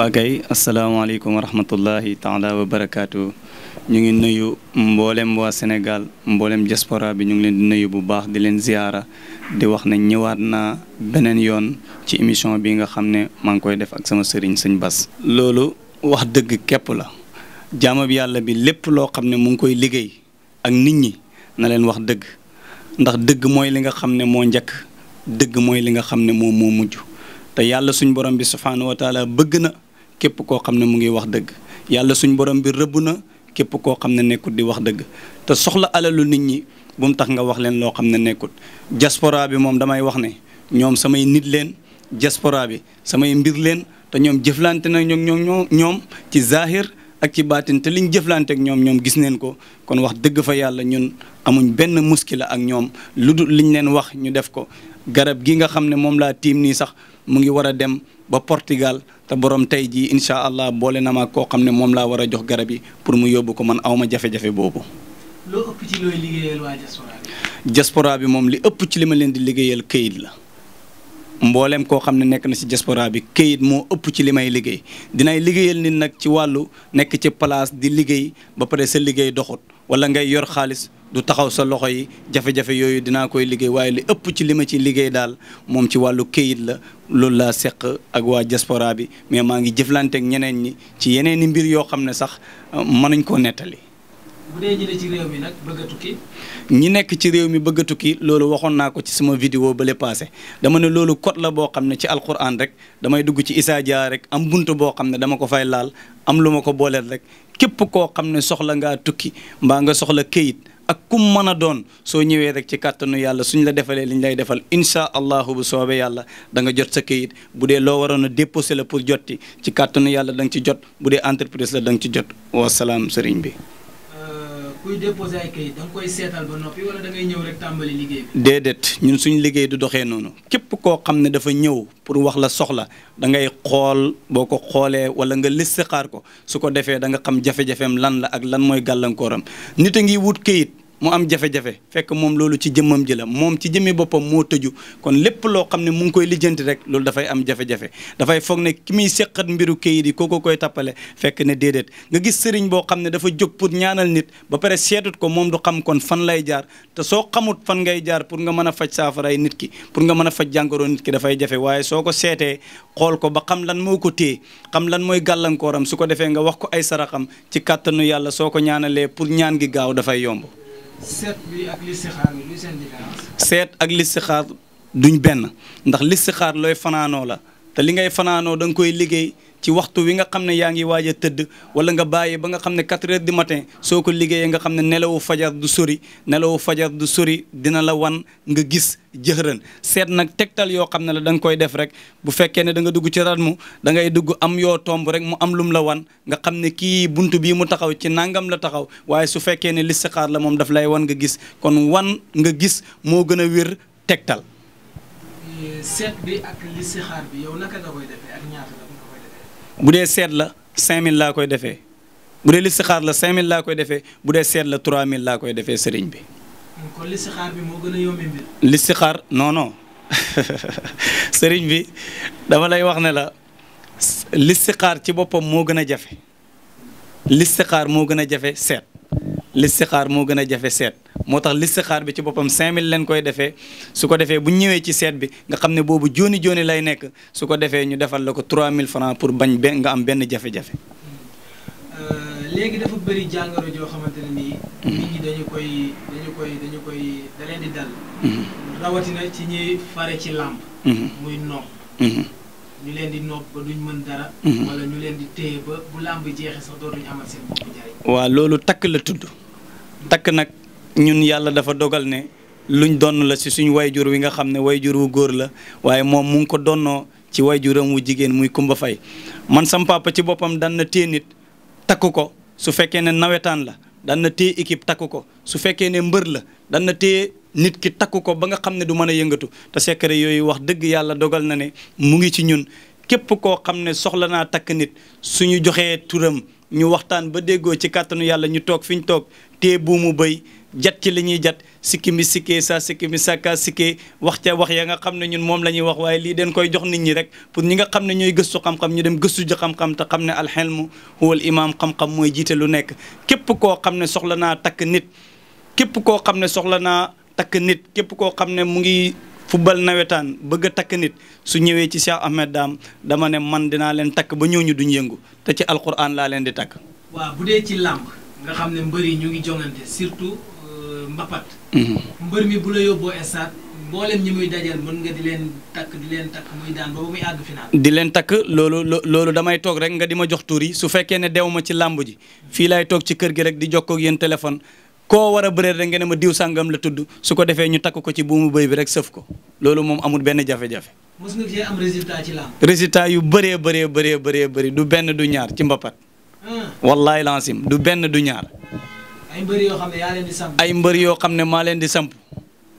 waa kay asalaamaaleykum wa rahmatullahi taala wa barakaatu ñu ngi nuyu mboolem waa Sénégal mboolem diaspora bi ñu ngi leen di nuyu bu baax di leen ziyaara di wax ne ñëwaat naa beneen yoon ci émission bi nga xam ne maa ngi koy def ak sama sëriñ sëñ Bas. loolu wax dëgg képp la jaama yàlla bi lépp loo xam ne mu ngi koy liggéey ak nit ñi na leen wax dëgg ndax dëgg mooy li nga xam ne moo njëkk dëgg mooy li nga xam ne moom moo mujj te yàlla suñ borom bi képp koo xam ne mu ngi wax dëgg yàlla suñ borom mbir rëbb na képp koo xam ne nekkut di wax dëgg te soxla alalu nit ñi bu tax nga wax leen loo xam ne nekkut diaspora bi moom damay wax ne ñoom samay nit leen diaspora bi samay mbir leen te ñoom jëflante na ñoom ñoom ci zahir ak ci baatin te liñ jëflante ak ñoom ñoom gis neen ko kon wax dëgg fa yàlla ñun amuñ benn muskila ak ñoom lu dul liñ leen wax ñu def ko garab gi nga xam ne moom laa tiim nii sax mu ngi war a dem ba portigal te borom tey jii incha allah boole na ma koo xam ne moom laa war a jox garab yi pour mu yóbbu ko man awma jafe-jafe boobu. loo bi. moom li ëpp ci li ma leen di liggéeyal këyit la mboolem koo xam ne nekk na ci diaspora bi këyit moo ëpp ci li may liggéey dinay liggéeyal nit nag ci wàllu nekk ci place di liggéey ba pare sa liggéey doxut wala ngay yor xaalis. du taxaw sa loxo yi jafe-jafe yooyu dinaa koy liggéey waaye li ëpp ci li ma ci liggéey daal moom ci wàllu këyit la loolu laa seq ak waa jaspora bi mais maa ngi jëflante ñeneen ñi ci yeneen i mbir yoo xam ne sax euh, mënuñ koo nettali. bu ñi nekk ci réew mi bëgg a tukki loolu waxoon naa ko ci sama vidéo ba le passé dama ne loolu code la boo xam ne ci alquran rek damay dugg ci Issa rek am bunt boo xam ne dama ko fay laal am lu ma ko booleel rek képp koo xam ne soxla ngaa tukki mbaa nga soxla këyit. ak kum mën a doon soo ñëwee rek ci kàttanu yàlla suñ la defalee liñ lay defal insha allahu bu soobee yàlla danga jot sa kayit bu dee loo waroon a déposé la pour jot ci kàttanu yàlla da ci jot bu dee entreprise la da nga ci jot wasalaam sëriñ bi. Euh, kuy déposé bi. déedéet ñun suñu liggéey du doxee noonu képp koo xam ne dafa ñëw pour wax la soxla da ngay xool boo ko xoolee wala nga listixaar ko su ko defee da nga xam jafe-jafeem lan la ak lan mooy gàllankooram nit mu am jafe-jafe fekk moom loolu ci jëmmam ji moom ci jëmmi boppam moo tëju kon lépp loo xam ne mu ngi koy lijjanti rek loolu dafay am jafe-jafe dafay foog ne ki muy seqat mbiru kayit yi ko koy tappale fekk ne déedéet nga gis sëriñ boo xam ne dafa jóg pour ñaanal nit ba pare seetut ko moom du xam kon fan lay jaar te soo xamut fan ngay jaar pour nga mën a faj saafaray nit ki pour nga mën a faj jàngoro nit ki dafay jafe waaye soo ko seetee xool ko ba xam lan moo ko téye xam lan mooy gàllankooram su ko defee nga wax ko ay saraxam ci kàttanu yàlla soo ko ñaanalee pour ñaan gi gaaw dafay yomb seet ak listixaar bi duñ benn ndax listixaar looy fanaanoo la te li ngay fanaanoo da nga koy liggéey. ci waxtu wi nga xam ne yaa ngi waaj a tëdd wala nga bàyyi ba nga xam ne quatre heures du matin soo ko liggéeyee nga xam ne nelawu fajar du sori nelawu fajar du sori dina la wan nga gis jëxërën seet nag tegtal yoo xam ne la da nga koy def rek bu fekkee ne da nga dugg ci ratmu da ngay dugg am yoo tomb rek mu am lum la wan nga xam ne kii bunt bii mu taxaw ci nangam la taxaw waaye su fekkee ne listixaar la moom daf lay wan nga gis kon wan nga gis moo gën a wér tegtal. bu dee seet la cinq 5000 laa koy defee bu dee listixaar la 5000 laa koy defee bu dee seet la 3000 laa koy defee sëriñ bi. kon listixaar bi sëriñ bi dama lay wax ne la listixaar ci boppam moo gën a jafe listixaar moo gën a jafe seet. listixaar moo gën a jafe seet moo tax listixaar bi ci boppam 5000 leen koy defee su ko defee bu ñëwee ci seet bi nga xam ne boobu jooni jooni lay nekk su ko defee ñu defal la ko 3000 francs pour bañ benn nga am benn jafe-jafe. Euh, léegi dafa bëri jàngoro joo xamante ne nii. Mm-hmm. nit dañu koy dañu koy dañu da leen di dal. Mm-hmm. rawatina ci ñuy fare ci làmb. Mm-hmm. muy nopp. ñu leen di mhm. loolu takk la tudd takk nag ñun yàlla dafa dogal ne luñ donn la ci suñ wayjur wi nga xam ne wayjur wu góor la waaye moom mu ngi ko donnoo ci wayjuram wu jigéen muy Kumba Fay man sam ci boppam daan na téye nit takk ko su fekkee ne nawetaan la daan na téye équipe takk ko su fekkee ne mbër la daan na nit ki takku ko ba nga xam ne du mën a yëngatu te secret yooyu wax dëgg yàlla dogal na ne mu ngi ci ñun képp koo xam ne soxla naa takk nit suñu joxee turam ñu waxtaan ba déggoo ci kàttanu yàlla ñu toog fi ñu toog tee buumu béy jat ci li ñuy jat sikki mi sikkee sa sikki mi sàkka sikkee wax ca wax ya nga xam ne ñun moom la ñuy wax waaye lii den koy jox nit ñi rek pour ñi nga xam ne ñooy gëstu xam ñu dem gëstu ji xam te xam ne alxelmu huwal imaam xam-xam mooy jiite lu nekk képp koo xam ne soxla naa takk nit képp koo xam ne soxla naa takk nit képp koo xam ne mu ngi fubal nawetaan bëgg a takk nit su ñëwee ci Cheikh Ahmed Dame dama ne man dinaa leen takk ba ñu duñ yëngu te ci alquran laa leen di takk. waaw bu dee làmb nga xam ne mbër yi ñu ngi jongante surtout euh, mbapat. Mhm. mbër mi bu la yóbboo stade mboolem ñi muy dajal mën nga di leen takk di leen takk muy daan ba muy àgg final. di leen takk loolu loolu damay toog rek nga di ma jox tur su fekkee ne dew ma ci làmb ji fii laay toog ci kër gi rek di jokkoo ak yéen téléphone. koo war a bëree rek ngeen ne ma diw sàngam la tudd su ko defee ñu takk ko ci buumu bëy bi rek sëf ko loolu moom amul benn jafe-jafe. mos yu bëree bëree bëree bëree bëri du benn du ñaar ci mbappat ah. wallaay lansim du benn du ñaar. ay mbër yoo xam ne ay mbër yoo xam ne maa leen di samp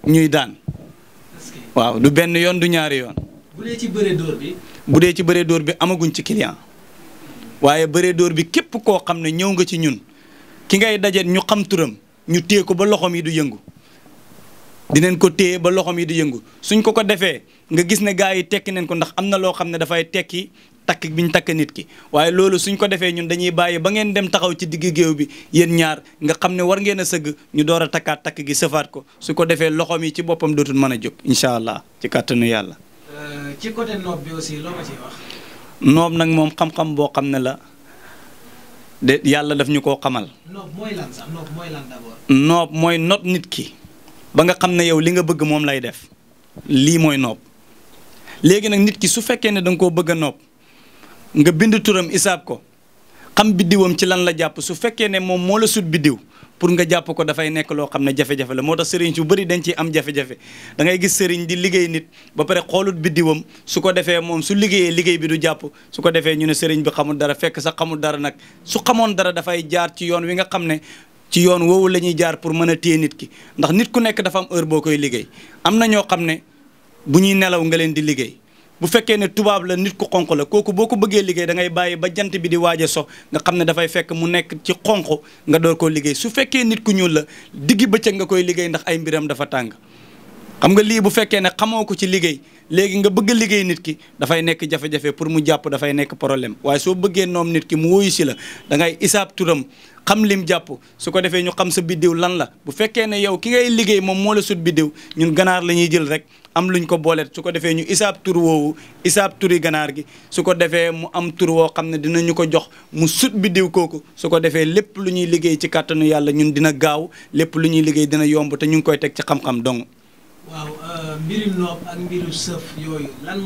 ñuy daan. waaw du benn yoon du ñaari yoon. bu dee ci bëree door bi. amaguñ ci client. waaye bëree door bi képp koo xam ne ñëw nga ci ñun ki ngay daje ñu xam turam ñu téye ko ba loxoom yi du yëngu dinañ ko téye ba loxoom yi du yëngu suñ ko ko defee nga gis ne gaa yi tekki nañ ko ndax am na loo xam ne dafay tekki takk bi ñu takk nit ki waaye loolu suñ ko defee ñun dañuy bàyyi ba ngeen dem taxaw ci digg géew bi yéen ñaar nga xam ne war ngeen a sëgg ñu door a takkaat takk gi sëfaat ko su ko defee loxoom yi ci boppam dootul mën a jóg incha allah ci kàttanu yàlla. Euh, ci noob nag moom xam-xam boo xam ne la. de yàlla daf ñu koo xamal. noob mooy lan not nit ki ba nga xam ne yow li nga bëgg moom lay def lii mooy noob léegi nag nit ki su fekkee ne danga nga koo bëgg a noob nga bind turam isaab ko xam biddiwam ci lan la jàpp su fekkee ne moom moo la sut biddiw. pour nga jàpp ko dafay nekk loo xam ne jafe-jafe la moo tax sëriñ su bëri dañ ciy am jafe-jafe da gis sëriñ di liggéey nit ba pare xoolut biddiwam su ko defee moom su liggéeyee liggéey bi du jàpp su ko defee ñu ne sëriñ bi xamul dara fekk sax xamul dara nag su xamoon dara dafay jaar ci yoon wi nga xam ne ci yoon woowu lañuy jaar pour mën a téye nit ki ndax nit ku nekk dafa am heure boo koy liggéey am na ñoo xam ne bu ñuy nelaw nga leen di liggéey bu fekkee ne tubaab la nit ku xonq la kooku boo ko bëggee liggéey da ngay bàyyi ba jant bi di waaj a nga xam ne dafay fekk mu nekk ci xonq nga door koo liggéey su fekkee nit ku ñuul la diggi bëccëg nga koy liggéey ndax ay mbiram dafa tàng xam nga lii bu fekkee ne xamoo ko ci liggéey léegi nga bëgg liggéey nit ki dafay nekk jafe-jafe pour mu jàpp dafay nekk problème waaye soo bëggee noom nit ki mu woyu si la dangay ngay turam xam lim jàpp su ko defee ñu xam sa biddiw lan la bu fekkee ne yow ki ngay liggéey moom moo la sut biddiw ñun ganaar lañuy jël rek am lu ñu ko booleet su ko defee ñu isaab tur woowu isaab turi ganaar gi su ko defee mu am tur woo xam ne dinañu ko jox mu sut biddiw kooku su ko defee lépp lu ñuy liggéey ci kàttanu yàlla ñun dina gaaw lépp lu ñuy liggéey dina yomb te ñu ngi koy teg ci xam-xam dong waaw euh, mbirum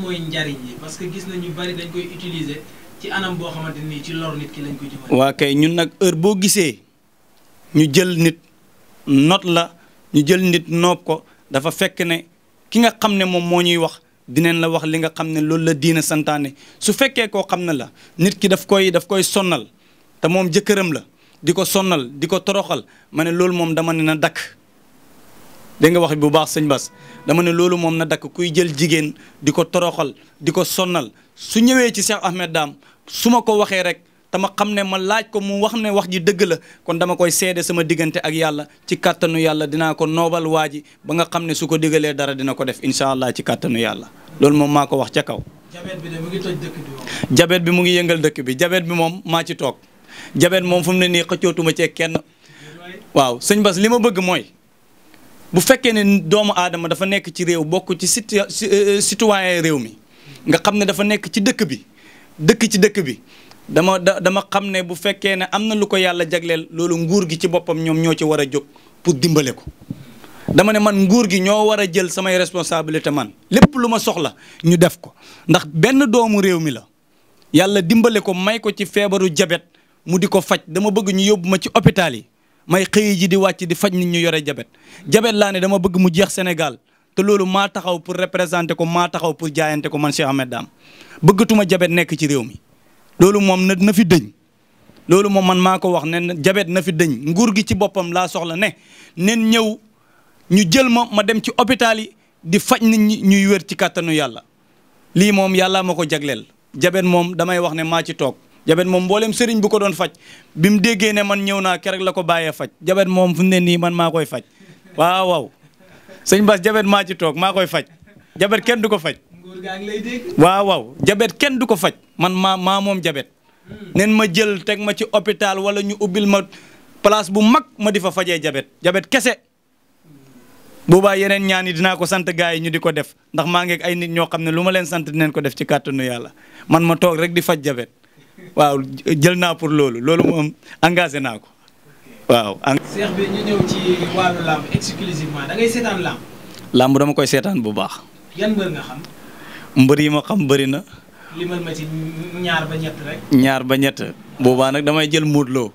mooy njariñ parce que gis nañu bari dañ koy utiliser ci anam boo xamante ni ci lor nit waa kay ñun nag heure boo gisee ñu jël nit noot la ñu jël nit noob ko dafa fekk ne ki nga xam ne moom moo ñuy wax dinañ la wax li nga xam ne loolu la diina santaane su fekkee koo xam ne la nit ki daf koy daf koy sonnal te moom jëkkëram la di ko sonnal di ko toroxal ma ne loolu moom dama ne na dakk dégg nga wax bu baax sëñ Bas dama ne loolu moom na dakk kuy jël jigéen di ko toroxal di ko sonnal su ñëwee ci Cheikh Ahmed Dame su ma ko waxee rek te ma xam ne ma laaj ko mu wax ne wax ji dëgg la kon dama koy seede sama diggante ak yàlla ci kàttanu yàlla dinaa ko noobal waa ji ba nga xam ne su ko digalee dara dina ko def allah ci kàttanu yàlla loolu moom maa ko wax ca kaw. jabet bi mu ngi yëngal dëkk bi jabet bi moom maa ci toog jabet moom fu mu ne nii xëccootuma cee kenn waaw sëñ li ma bëgg mooy bu fekkee ne doomu aadama dafa nekk ci réew bokk ci euh, euh, citoyen réew mi nga xam ne dafa nekk ci dëkk bi dëkk ci dëkk bi dama da dama xam ne bu fekkee ne am na lu ko yàlla jagleel loolu nguur gi ci boppam ñoom ñoo ci war a jóg pour dimbale ko dama ne man nguur gi ñoo war a jël samay responsabilité man lépp lu ma soxla ñu def ko ndax benn doomu réew mi la yàlla dimbale ko may ko ci feebaru jabet mu di ko faj dama bëgg ñu yóbbu ma ci hôpital yi may xëy ji di wàcc di faj ni ñu yore jabet jabet laa ne dama bëgg mu jeex Sénégal te loolu maa taxaw pour représenter ko maa taxaw pour jaayante ko man Cheikh Ahmed Dame bëggatuma jabet nekk ci réew mi loolu moom na na fi dëñ loolu moom man maa ko wax ne jabet na fi dëñ nguur gi ci boppam laa soxla ne nen ñëw ñu jël ma ma dem ci hôpital yi di faj nit ñi ñuy wér ci kàttanu yàlla lii moom yàlla ma ko jagleel jabet moom damay wax ne maa ci toog jabet moom mbooleem sëriñ bu ko doon faj bi mu déggee ne man ñëw naa kerek la ko bàyyee faj jabet moom fu mu ne nii man maa koy faj waaw waaw sëñ jabet maa ci toog maa koy faj jabet kenn du ko faj. waaw waaw jabet kenn du ko faj man maa maa moom jabet. Hmm. nen ma jël teg ma ci hôpital wala ñu ubbil ma place bu mag ma di fa fajee jabet jabet kese. boobaa yeneen ñaan yi dinaa ko sant gars yi ñu di ko def ndax maa ngeeg ay nit ñoo xam ne lu ma leen sant dinañ ko def ci kàttanu yàlla man ma toog rek di faj jabet. waaw jël naa pour loolu loolu moom engagé naa ko waaw. Cheikh bi ñu ñëw ci wàllu làmb exclusivement dama koy seetaan bu baax. mbër yi ma xam bëri na. limal ma ñaar ba ñett boobaa nag damay jël Modou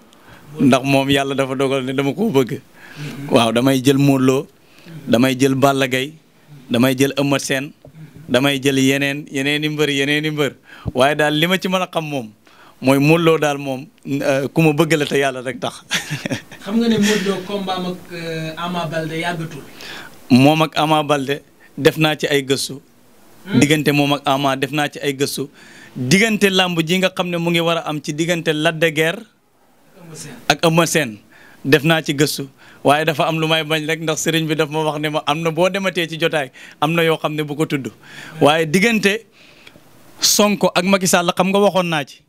ndax moom yàlla dafa dogal ne dama koo bëgg. Mm-hmm. waaw damay jël Modou mm-hmm. damay jël Balla Gaye mm-hmm. damay jël Eumeu seen damay jël yeneen yeneen i mbër yeneeni mbër waaye daal li ma ci mën a xam moom. mooy Modou daal moom euh, ku ma bëgg la te yàlla rek tax. xam nga ne Modou ak euh, Ama Balde moom ak Ama Balde def naa ci ay gëstu. Hmm? diggante moom ak Ama def naa ci ay gëstu. diggante làmb ji nga xam ne mu ngi war a am ci diggante Lac de Guiers ak Eumeu Sène def naa ci gëstu waaye dafa am lu may bañ rek ndax sëriñ bi daf ma wax ne ma am na boo dematee ci jotaay am na yoo xam ne bu ko tudd hmm. waaye diggante Sonko ak Macky Sall xam nga waxoon naa ci.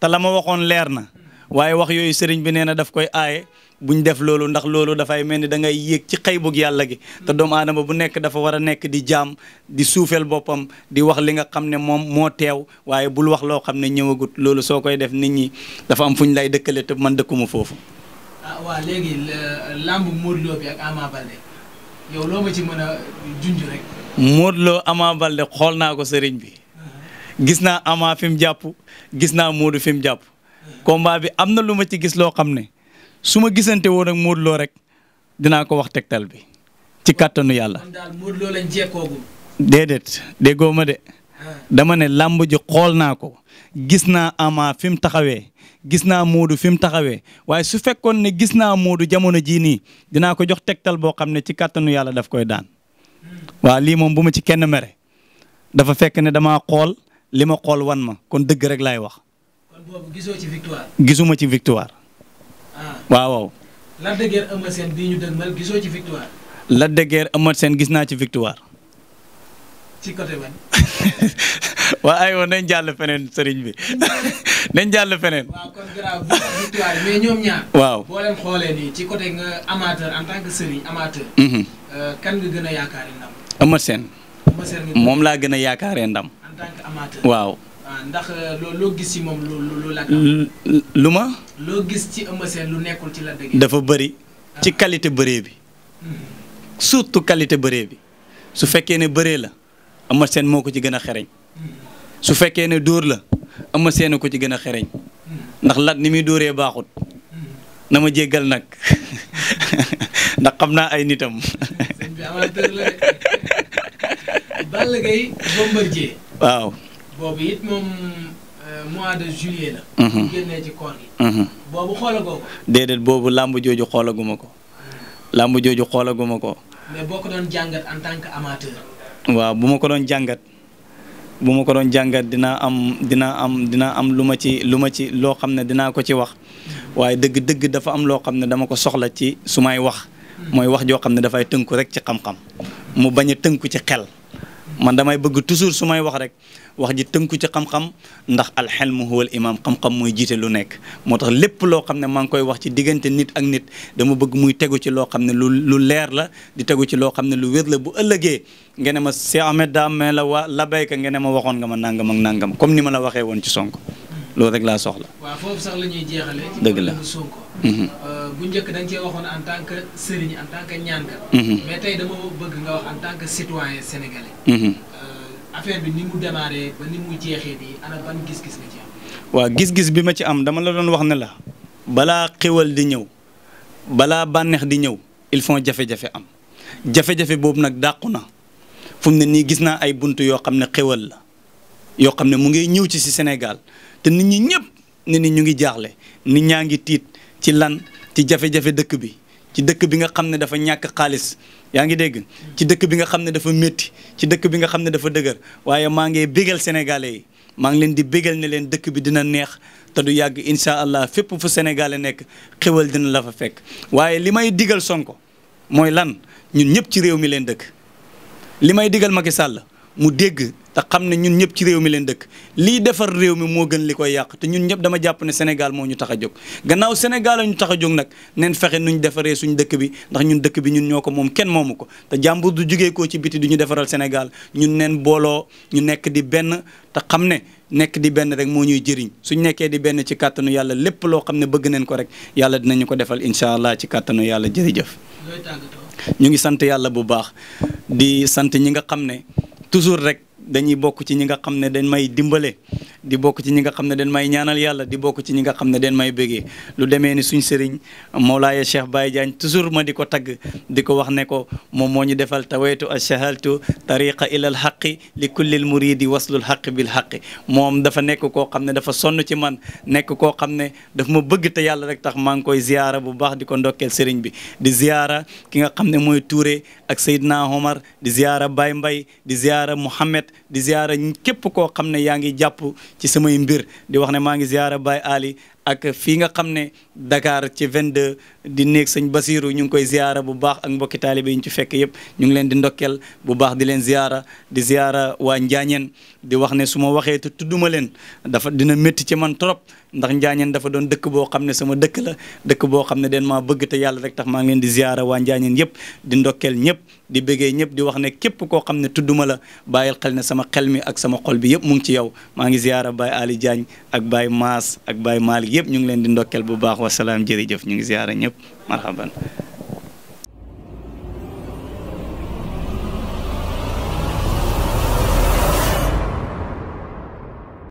te la ma waxoon leer na waaye wax yooyu sëriñ bi nee na daf koy aaye buñ def loolu ndax loolu dafay mel ni da ngay yéeg ci xëy bug yàlla gi te doomu aadama bu nekk dafa war a nekk di jaam di suufeel boppam di wax li nga xam ne moom moo teew waaye bul wax loo xam ne ñëwagut loolu soo koy def nit ñi dafa am fu ñu lay dëkkale te man dëkkuma foofu. ah waa léegi lamb Modou Lo bi ak Ama ci mën a junj rek. Balde xool naa ko sëriñ bi. gis naa Ama fi mu jàpp gis naa Modou fi jàpp combat bi am na lu ma ci gis loo xam ne su ma gisante woon ak Modou rek dinaa ko wax tegtal bi ci kàttanu yàlla. kon daal Modou Lo lañ jékkoogul. ma de ah. dama ne làmb ji xool naa ko gis naa Ama fi taxawee gis naa Modou fi mu taxawee waaye su fekkoon ne gis naa Modou jamono jii nii dinaa ko jox tegtal boo xam ne ci kàttanu yàlla daf koy daan. Hmm. waa lii moom ci kenn mere dafa fekk ne damaa xool. li ma xool wan ma kon dëgg rek laay wax. gisoo ci victoire. gisuma ci victoire. Ah. waaw waaw. Lac de Guiers Eumeu Sène bii ñu dëgmal gis naa ci victoire. ci côté ban. nañ jàll feneen sëriñ bi nañ jàll feneen. waaw kon garaaw waaw boo leen nii ci côté nga amateur en tant sëriñ amateur. Mhm. Euh, kan nga gën yaakaare moom laa gën a ndam. tant waaw. Ah, ndax euh, loo gis ci moom lu ma. loo gis ci Eumeu Sène lu nekkul ci la de dafa bari ci ah. qualité bëree bi hmm. surtout qualité bëree bi su fekkee ne bëree la Eumeu seen moo ko ci gën a xereñ hmm. su fekkee ne dóor la Eumeu Sène ko ci gën a xereñ hmm. ndax Lac ni muy dóoree baaxut na ma jéggal nag ndax xam naa ay nitam. waaw. boobu it moom euh, mois de juillet la. Mhm. bu génnee ci koor gi. Mhm. ko. déedéet boobu làmb jooju xoolaguma ko. làmb jooju xoolaguma ko. mais boo ko en tant que amateur. waaw bu ma ko doon jàngat bu ma ko doon jàngat dinaa am dinaa am dinaa am lu ma ci lu ma ci loo xam ne dinaa ko ci wax mhm. waaye dëgg-dëgg dafa am loo xam ne dama ko soxla ci su may wax. mooy wax joo xam ne dafay tënku rek ci xam-xam mu bañ a tënku ci xel. man damay bëgg toujours su may wax rek wax ji tënku ci xam-xam ndax alxelmu huwal imaam xam-xam mooy jiite lu nekk moo tax lépp loo xam ne maa ngi koy wax ci diggante nit ak nit dama bëgg muy tegu ci loo xam ne lu lu leer la di tegu ci loo xam ne lu wér la bu ëllëgee ngeen ne ma si Ahmed daa mel la waa la béykat ngeen ne ma waxoon nga ma nangam ak nangam comme ni ma la waxee woon ci sonk loolu rek laa soxla. dëgg la. Mm-hmm. Euh, bu njëkk da cee waxoon en tant sëriñ en tant que ñaankat. Mm-hmm. mais tey dama bëgg nga wax en tant citoyen sénégalais. Mm-hmm. Euh, affaire bi ni mu démarré ba ni mu jeexee nii ana ban gis-gis nga ci am. waaw gis-gis bi ma ci am dama la doon wax ne la balaa xéwal di ñëw balaa bànneex di ñëw il faut jafe-jafe am jafe-jafe boobu nag dàqu na fu mu ne nii gis naa ay bunt yoo xam ne xéwal la yoo xam ne mu ngi ñëw ci si Sénégal te nit ñi ñëpp nit ñu ngi jaaxle nit ñaa ngi tiit. ci lan ci jafe-jafe dëkk bi ci dëkk bi nga xam ne dafa ñàkk xaalis yaa ngi dégg ci dëkk bi nga xam ne dafa métti ci dëkk bi nga xam ne dafa dëgër waaye maa ngi béggal sénégalais yi maa ngi leen di béggal ne leen dëkk bi dina neex te du yàgg incha allah fépp fu sénégalais nekk xéwal dina la fa fekk waaye li may digal sonko mooy lan ñun ñëpp ci réew mi leen dëkk li may digal Macky sàll mu dégg te xam ne ñun ñëpp ci réew mi leen dëkk lii defar réew mi moo gën li koy yàq te ñun ñëpp dama jàpp ne Sénégal moo ñu tax a jóg gannaaw Sénégal la ñu tax a jóg nag neen fexe nu ñu defaree suñ dëkk bi ndax ñun dëkk bi ñun ñoo ko moom kenn moomu ko te jàmbur du jugee ko ci biti du ñu defaral senegal ñun neen booloo ñu nekk di benn te xam ne nekk di benn rek moo ñuy jëriñ suñ nekkee di benn ci kàttanu yàlla lépp loo xam ne bëgg neen ko rek yàlla dinañu ko defal incha allah ci kàttanu yàlla jërëjëf ngi sant yàlla bu baax di sant ñi nga xam ne toujours rek dañuy bokk ci ñi nga xam ne dañ may dimbale di bokk ci ñi nga xam ne dañ may ñaanal yàlla di bokk ci ñi nga xam ne dañ may bégee lu deme ni suñ sëriñ Mawlaaye Cheikh Baye Diagne toujours ma di ko tagg di ko wax ne ko moom moo ñu defal tawaytu ashahaltu tariqa ila al xaqi li kullil muridi waslul xaqi bil xaqi moom dafa nekk koo xam ne dafa sonn ci man nekk koo xam ne daf ma bëgg te yàlla rek tax maa ngi koy ziyaara bu baax di ko ndokkeel sëriñ bi di ziyaara ki nga xam ne mooy Touré ak Seydina Omar di ziara képp koo xam ne yaa ngi jàpp ci samay mbir di wax ne maa ngi ziara Baye Ali ak fii nga xam ne Dakar ci 22 di néeg sëñ Basiiru ñu ngi koy ziyaara bu baax ak mbokki taalibe yi ñu ci fekk yëpp ñu ngi leen di ndokkeel bu baax di leen ziyaara di ziyaara waa njaañeen di wax ne su ma waxee te tudduma leen dafa dina métti ci man trop ndax njaañeen dafa doon dëkk boo xam ne sama dëkk la dëkk boo xam ne den maa bëgg te yàlla rek tax maa ngi leen di ziyaara waa njaañeen yëpp di ndokkeel ñëpp di bëggee ñëpp di wax ne képp koo xam ne tudduma la bàyyil xel ne sama xel mi ak sama xol bi yëpp mu ngi ci yow maa ngi ziyaara Baye Ali Diagne ak Baye Maas ak Baye Malick yëpp ñu ngi leen di ndokkeel bu baax wasalaam jërëjëf ñu ngi ziyaara ñëpp ñëpp marhaban